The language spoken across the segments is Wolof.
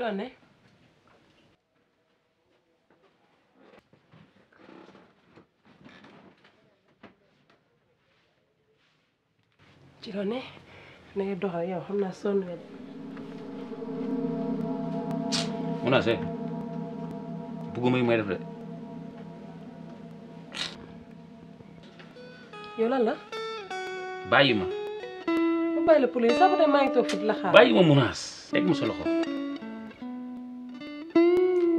ci loo ne na ngay doxal yow xam naa sonn nga mun naa see bugguma yi may def ma mu police sax bu dee maa ngi toog ma munaas teg ma sa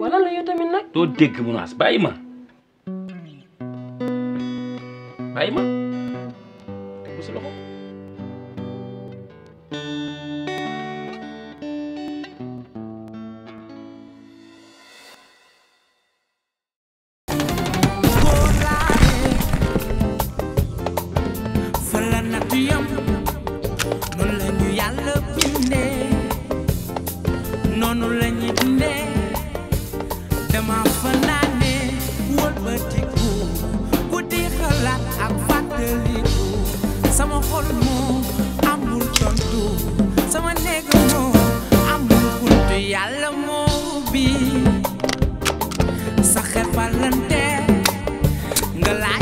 wala la yow tamit nag. doo dégg menace bàyyi ma bàyyi ma like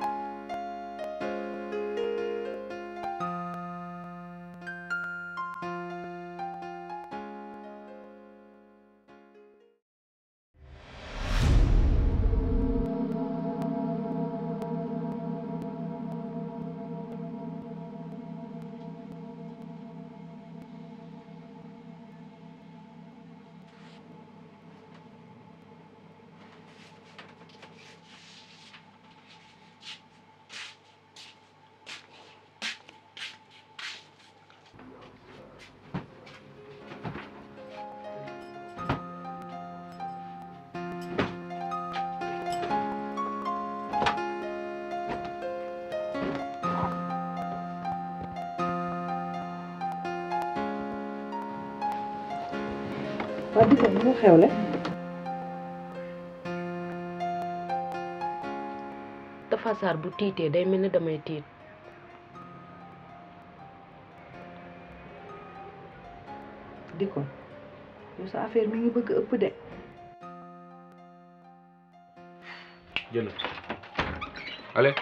waa dafa saar bu tiitee day mel ni damay tiit di ko sa affaire mi ngi bëgg ëpp de jël allez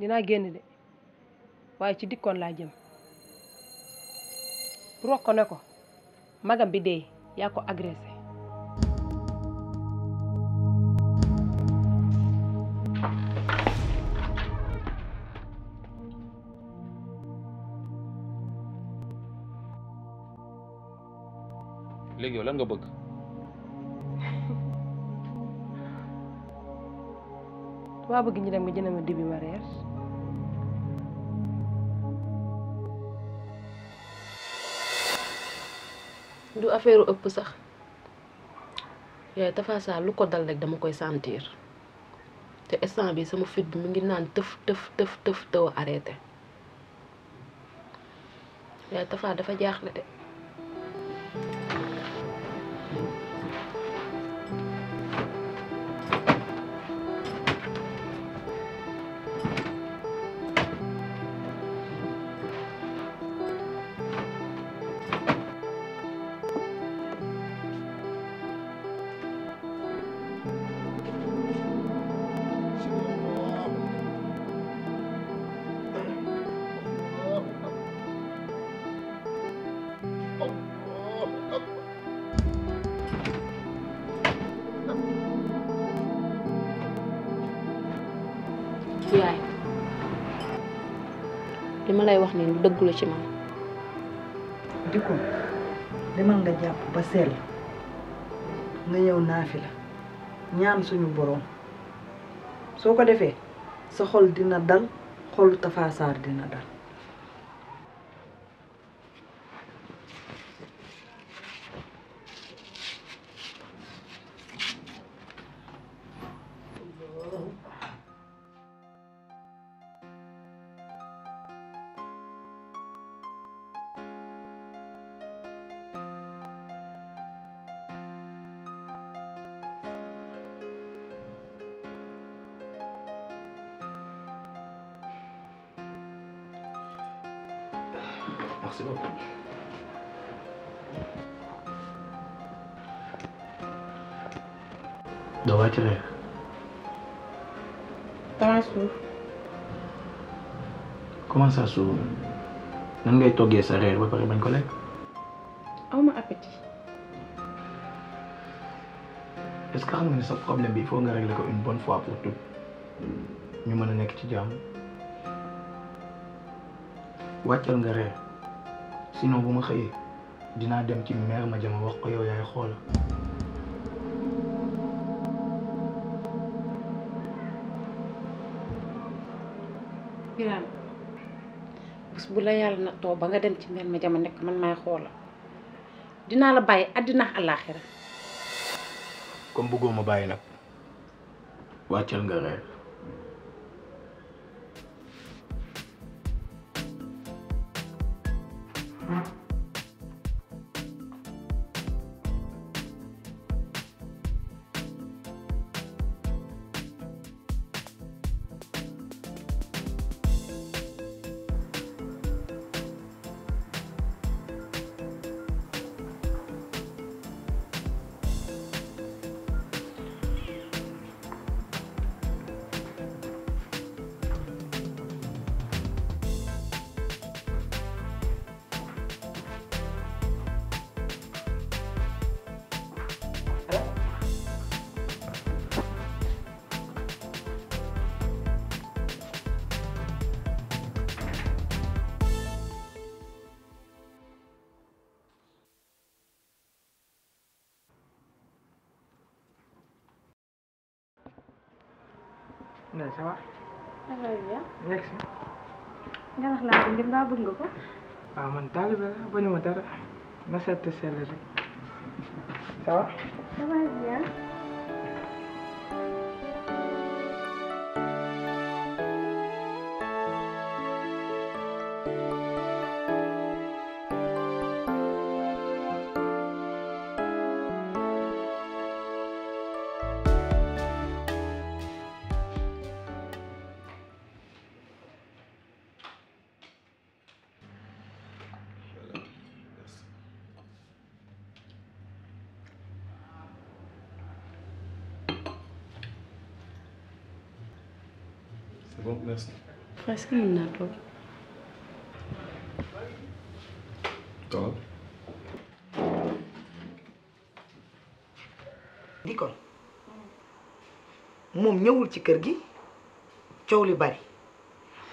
dinaa génn de waaye ci dikkoon laa jëm pour wax ne ko magam bi dee yaa ko agressé léegi yow nga bëgg waa bëgg ñu dem nga jëndal ma dibi mariage du affaire ëpp sax yaay Tafa Sarr lu ko dal rek dama koy sentir te instant bi sama fit bi mu ngi naan tëf tëf tëf tëf tëw arrêté yaay Tafa dafa jaaxle de. ma lay wax nii lu dëgg ci man. dikku demal nga jàpp ba sell nga ñëw naafi la ñaan suñu borom soo ko defee sa xol dina dal xolu tafaasaar dina dal. Merci beaucoup. Давай теряй. dama suuf. comment ngay toggee sa reer ba pare bañ ko lekk. aw ma appétit. est-ce que xam nga ne sa problème bi il faut nga régler ko une bonne ñu mën a nekk ci jàmm wàccal nga reer. sinon bu ma xëyee dinaa dem ci mère ma jama wax ko yaay xool. Birame bés bu la yàlla na nattoo ba nga dem ci mère ma jama nekk man maay xoola dinaa la bàyyi àddina àllaaxira comme bëggoo ma bàyyi nag wàccal nga reer. Ne ça va Ça va bien. Nekk si. nga wax laa dem baa bëgg nga ko. waaw man taalibe la bañu ma dara na seet te sell rek ça va. ça va bien. ራስ ግን ምናደው di kon moom ñëwul ci kër gi coow li bari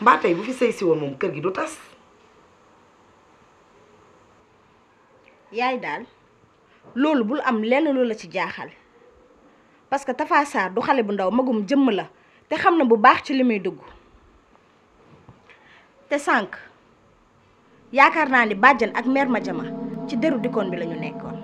mbaa tey bu fi sëy si woon moom kër gi du tas yaay daal loolu bul am lenn lu la ci jaaxal parce que Tafa du xale bu ndaw magum jëmm la te xam na bu baax ci li muy dugg te sànq yaakaar naa ni bàjjan ak mère Madiama ci deru dikkoon bi la ñu nekkoon.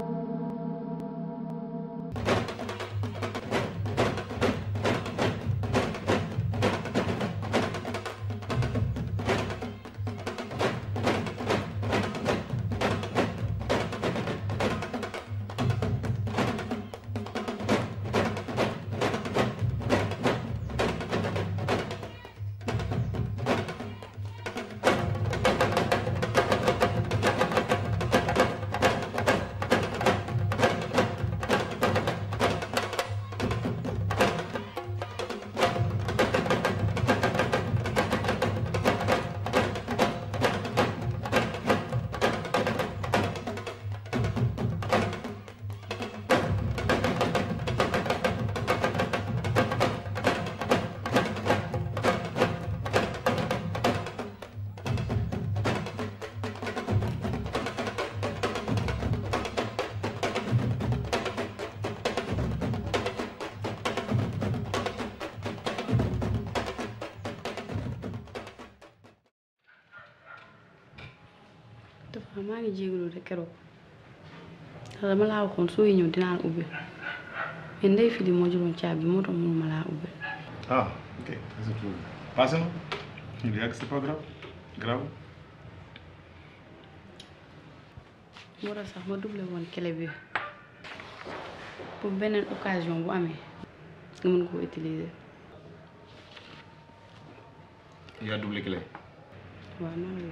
dafa maa ngi jégalu de keroog ndax dama laa waxoon soo ñëw dinaa la ubbi mais ndey fi di moo jëloon caabi moo tax mënuma laa ubbi. ah ok passé na il yàgg c'est pas grave grave. moo tax sax ma doublé woon clé bi pour beneen occasion bu amee nga mën koo utiliser. yaa doublé clé. waaw noonu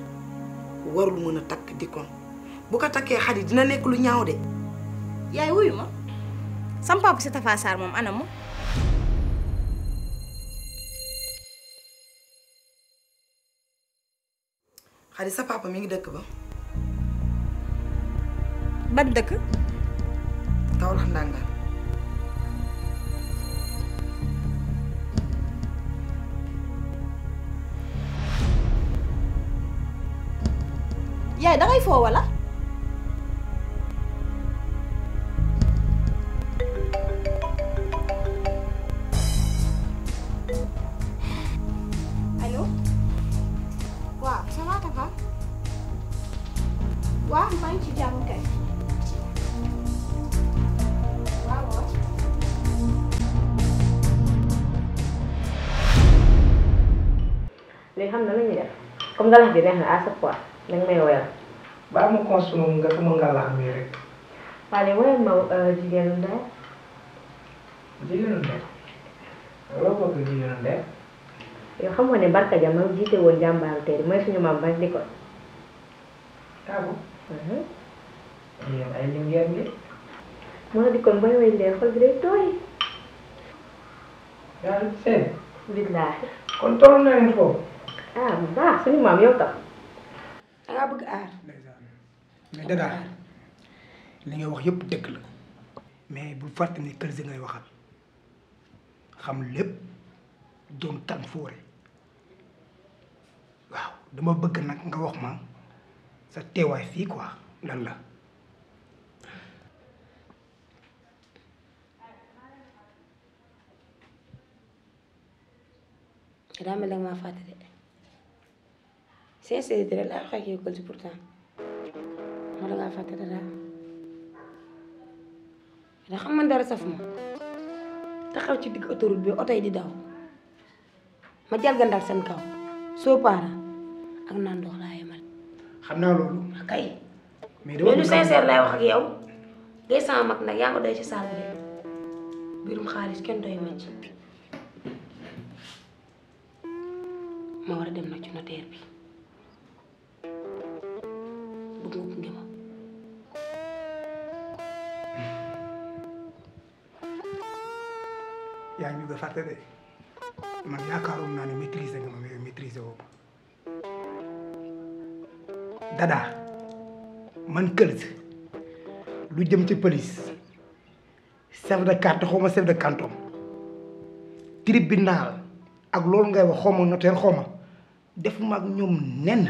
warul mën a takk dikkoon bu ko takkee xarit dina nekk lu ñaaw de. yaay wuyu ma sama si Tafa moom anam xarit sa papa mi ngi dëkk ba. ban dëkk. Kaolack Ndangaan. yaay da ngay foo wala. allo waaw ça va Tafa waaw maa ngi ci jàmm kay. léegi xam na lu ñuy def comme galax bi neex na à chaque fois. nag may woyal baal ma consume nga ko mën nga laa mii rek waaye woyal ma jigéenu ndey jigéenu ndey loo bëgg jigéenu ndey yoo xam nga ne barka jam ma jiite woon jàmbaaru tey mooy suñu maam bañ di ko taabu uh-huh. yéen ay lingeer bi moo di kon booy way leen xol bi day tooy yaa seen billaahi kon toll na leen ah bu baax suñu maam yow daa bëgg li ngay wax yëpp dëgg la mais bu fàtte ni kër si ngay waxal xam lépp doon tan fóore waaw dama bëgg nag nga wax ma sa teewaay fii quoi lan la. daa maa fàtte de. sincérité rek laa wax ak yow Koldou pourtant ma da ngaa fàtte dara da xam man dara saf ma taxaw ci digg autoroute bi oto yi di daw ma jalgandal seen kaw soo paara ak naan ndox laa yemal. xam naa loolu. kay mais loolu sincère laay wax ak yow ngay sama nag yaa ngi doy ci saal bi birum xaalis kenn doy ma ci ma war a dem nag ci notaire bi. bëgg nga gunge ma. yaa ngi ñu fàtte de man yaakaaroon naa ne maîtriser ma mais maîtriser woo dadaa man Kels lu jëm ci police chef de carte xaw ma chef de canton tribunal ak loolu ngay wax xaw ma notaire xaw ñoom nen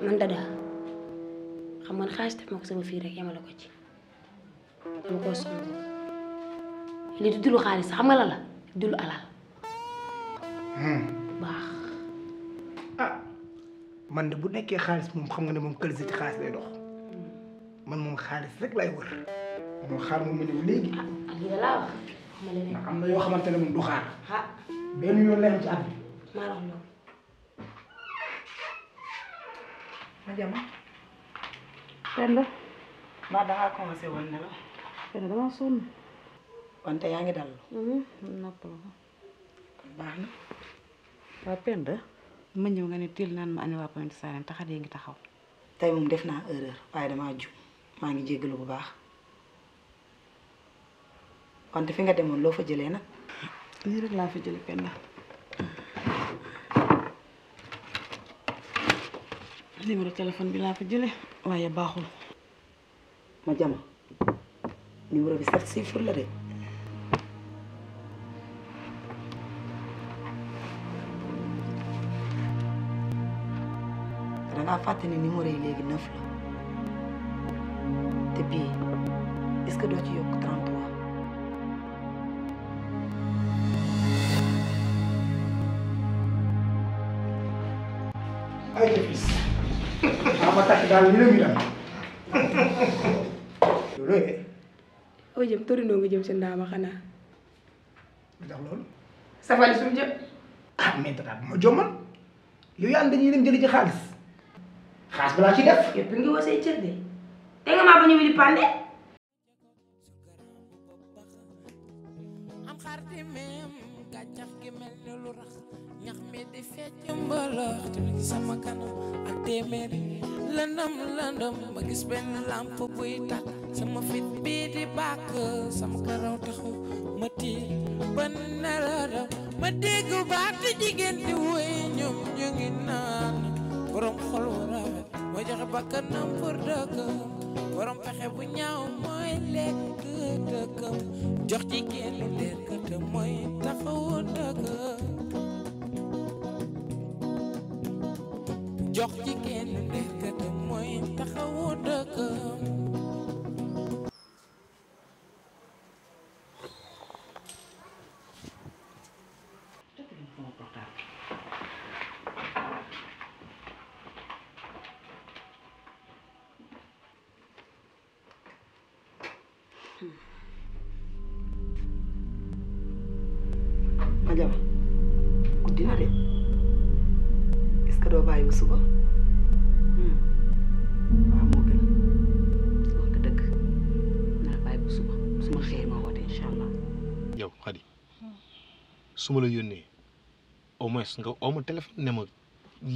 man dadaa xam man xaalis def ma ko sama fii rek yemale ko ci dama koo sonn li du dulu xaalis xam nga la la dulu alal baax ah man de bu nekkee xaalis moom xam nga ne moom kël si ci xaalis lay dox man moom xaalis rek lay wër moom xaar moom ma ñëw léegi ak lii laa wax ma leen am na yoo xamante ne moom du xaar ah benn yoon lay am ci àdduna maa wax loolu ma jama Penda. Madam ha ko se wonde ba. Penda dama sonn. Wante yaa dal. Mhm, noppal ko. Baax na. Waa Penda, ma ñëw mm-hmm. nga ne tiil naan ma ane waa Pointe Sarène taxadee ngi taxaw. Tey moom def naa erreur waaye damaa jub maa ngi jéggalu bu baax. Wante fi nga demoon fa rek waaye baaxul ma jama numéro bi sept chiffres la de dangaa fàtte ne numéro yi léegi neuf te bii est-ce que doo ci dal foo jëm torino nga jëm si ndaama xanaa. ndax loolu. safari jëm. ah mais tata bu ma jommal yow jëli ci xaalis. xaalis balaa ci def. yëpp ngi woo say cër de. te nga maa ba ñëwee di pande. ñax mi di fecc mbalax di sama kanam ak téeméeri lëndëm lëndëm ma gis benn lamp buy tàkk sama fit bi di bàkk sama karaw taxu ma tiit ba nelaw ma dégg baat jigéen di woy ñoom ñu ngi naan borom xol wu rafet ma joxe bakkanam pour dëkkam borom pexe bu ñaaw mooy lekk dëkkam jox jigéen li lekk te mooy taxawu dëkkam jox jigéen ndekete mooy taxawu dëkkam suba suma la yónnee au moins nga oo ma téléphone ne ma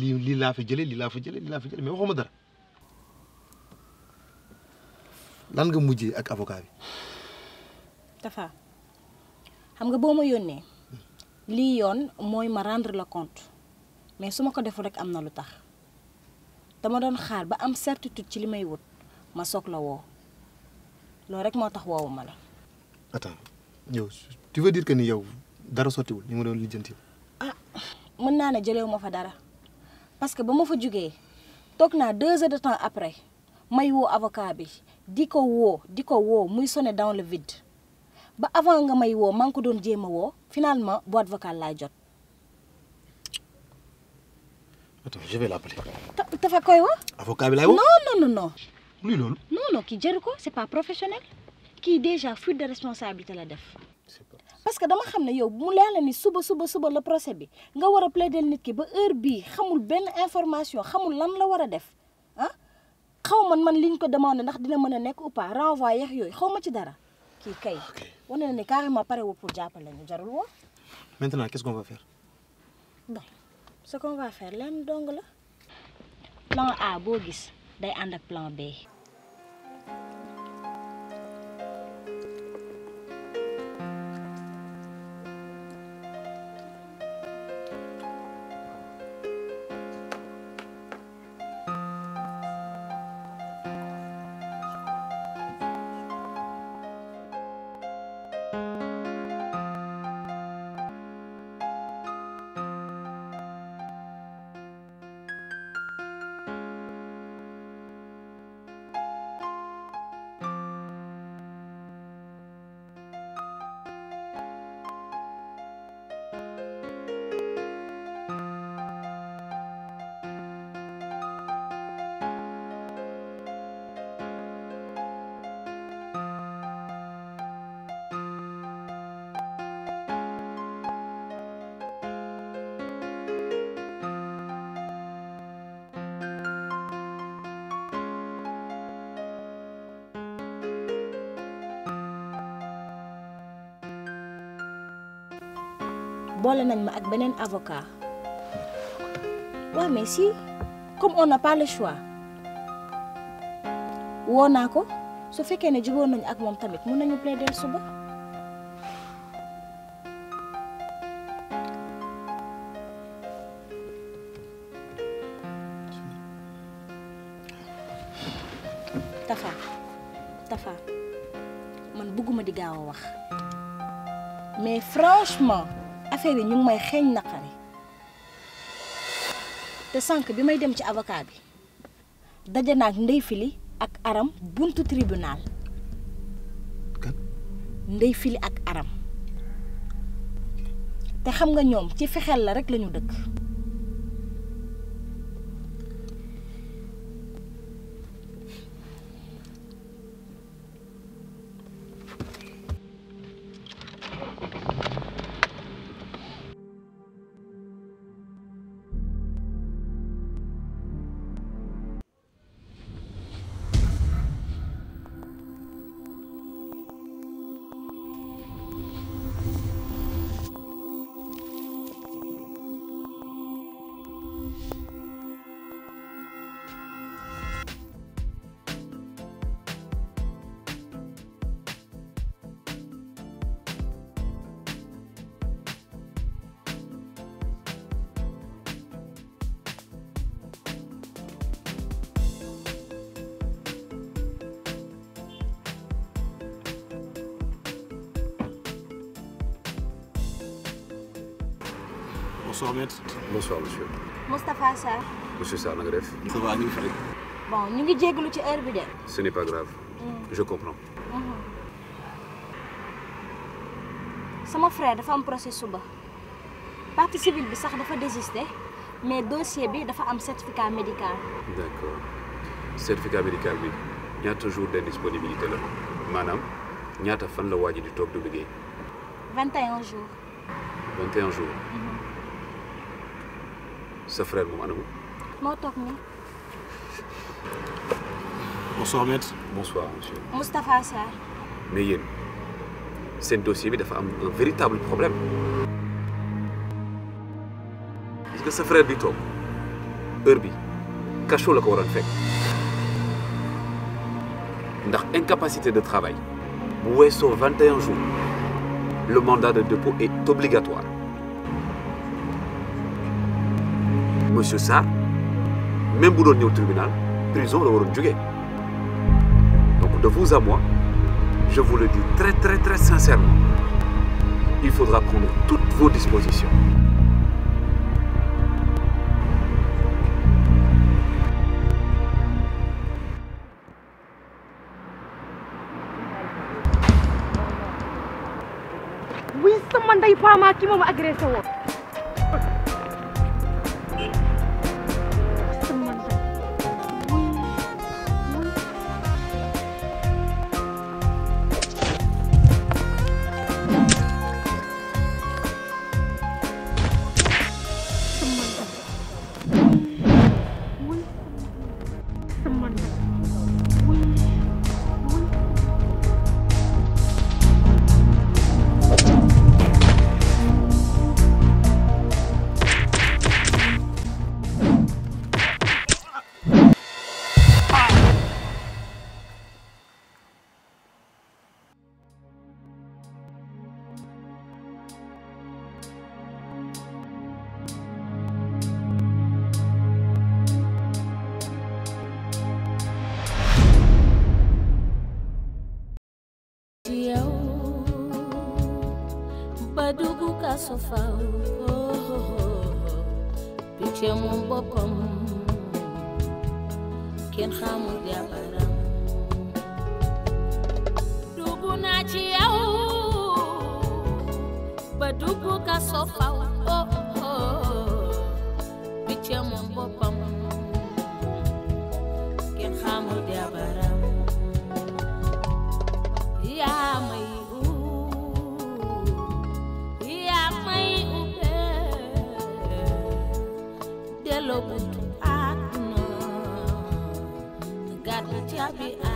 li lii laa fi jëlee li la fi jëlee li la fi jëlee mais waxuma dara lan nga mujjé ak avocat bi. Tafa xam nga boma li moy ma rendre le compte mais suma ko deful rek am lu tax dama don xaar ba am certitude ci limay wut ma soog la rek moo tax la. attends yow tu veux dire que ni yow. dara sottiwul ñu ma doon lijjanti. ah mën naa ne jëlewu ma fa dara parce que ba ma fa jugee toog naa deux heures de temps après may woo avocat bi di ko woo di ko woo muy sonné dans le vide ba avant nga may woo maa ngi ko doon jéem a woo finalement boîte vocal laa jot. attends je vais l'appeler. dafa koy woo. avocat bi woo non non non loolu. non kii jëru ko c'est pas professionnel kii déjà fuite de responsabilité la def. que dama xamné ne yow mu leer la ni suba suba suba le procès bi nga wara plaider nit ki ba heure bi xamul ben information xamul lan la wara def ah xaw man man liñ ko demandé ndax dina mën nek ou pas renvoyer yeex yooyu xaw ma ci dara ki kay woné na ni carrément paré wu pour jàppale ñu jarul wo maintenant qu'est-ce qu'on va faire. bon ce qu'on va faire lenn dong la. plan A bo gis day and ak plan B. bolé nañ ma ak benen avocat waaw mais si comme on n'a pas le choix woo naa ko su féké né jubóo nañ ak mom tamit mun nañu plaider suba Tafa Tafa man bëgguma di gawa wax mais franchement affaire yi ñu ngi may xeeñ naqari te sànq bi may dem ci avocat bi daje naa ak ak Aram buntu tribunal Ndey Fili ak Aram te xam nga ñoom ci fexeel la rek lañu dëkk Bonsoir maître. Bonsoir monsieur. Moustapha Sarr. Monsieur Sarr ça va bon nous ngi jégalu ci heure bi ce n'est pas grave. Mm. je comprends. Mon mm-hmm. frère dafa un procès suba partie civil, bi sax désister mais dossier bi un certificat médical. d'accord certificat médical bi ñaata jours d'indisponibilité la maanaam ñaata fan la waa di toog du liggéey. 21 jours. 21 jours. Mm-hmm. Ce frère moom anamu. moo toog nii. bonsoir maître. bonsoir monsieur. Moustapha Sarr. mais C'est un dossier bi dafa am un véritable problème. est-ce que sa frère bi toog heure bi le la ko fait. Dans ndax incapacité de travail bu weesoo 21 jours le mandat de dépôt est obligatoire. monsieur ça, même vous au au tribunal prison vous waroon donc de vous à moi je vous le dis très très très sincèrement il faudra prendre toutes vos dispositions oui moi qui agressé Badugu kasofa oh, oh, oh. oh. Piche mumbopom Ken xamul yabaram Dugu na ci yow Badugu kasofa oh, oh, oh. I be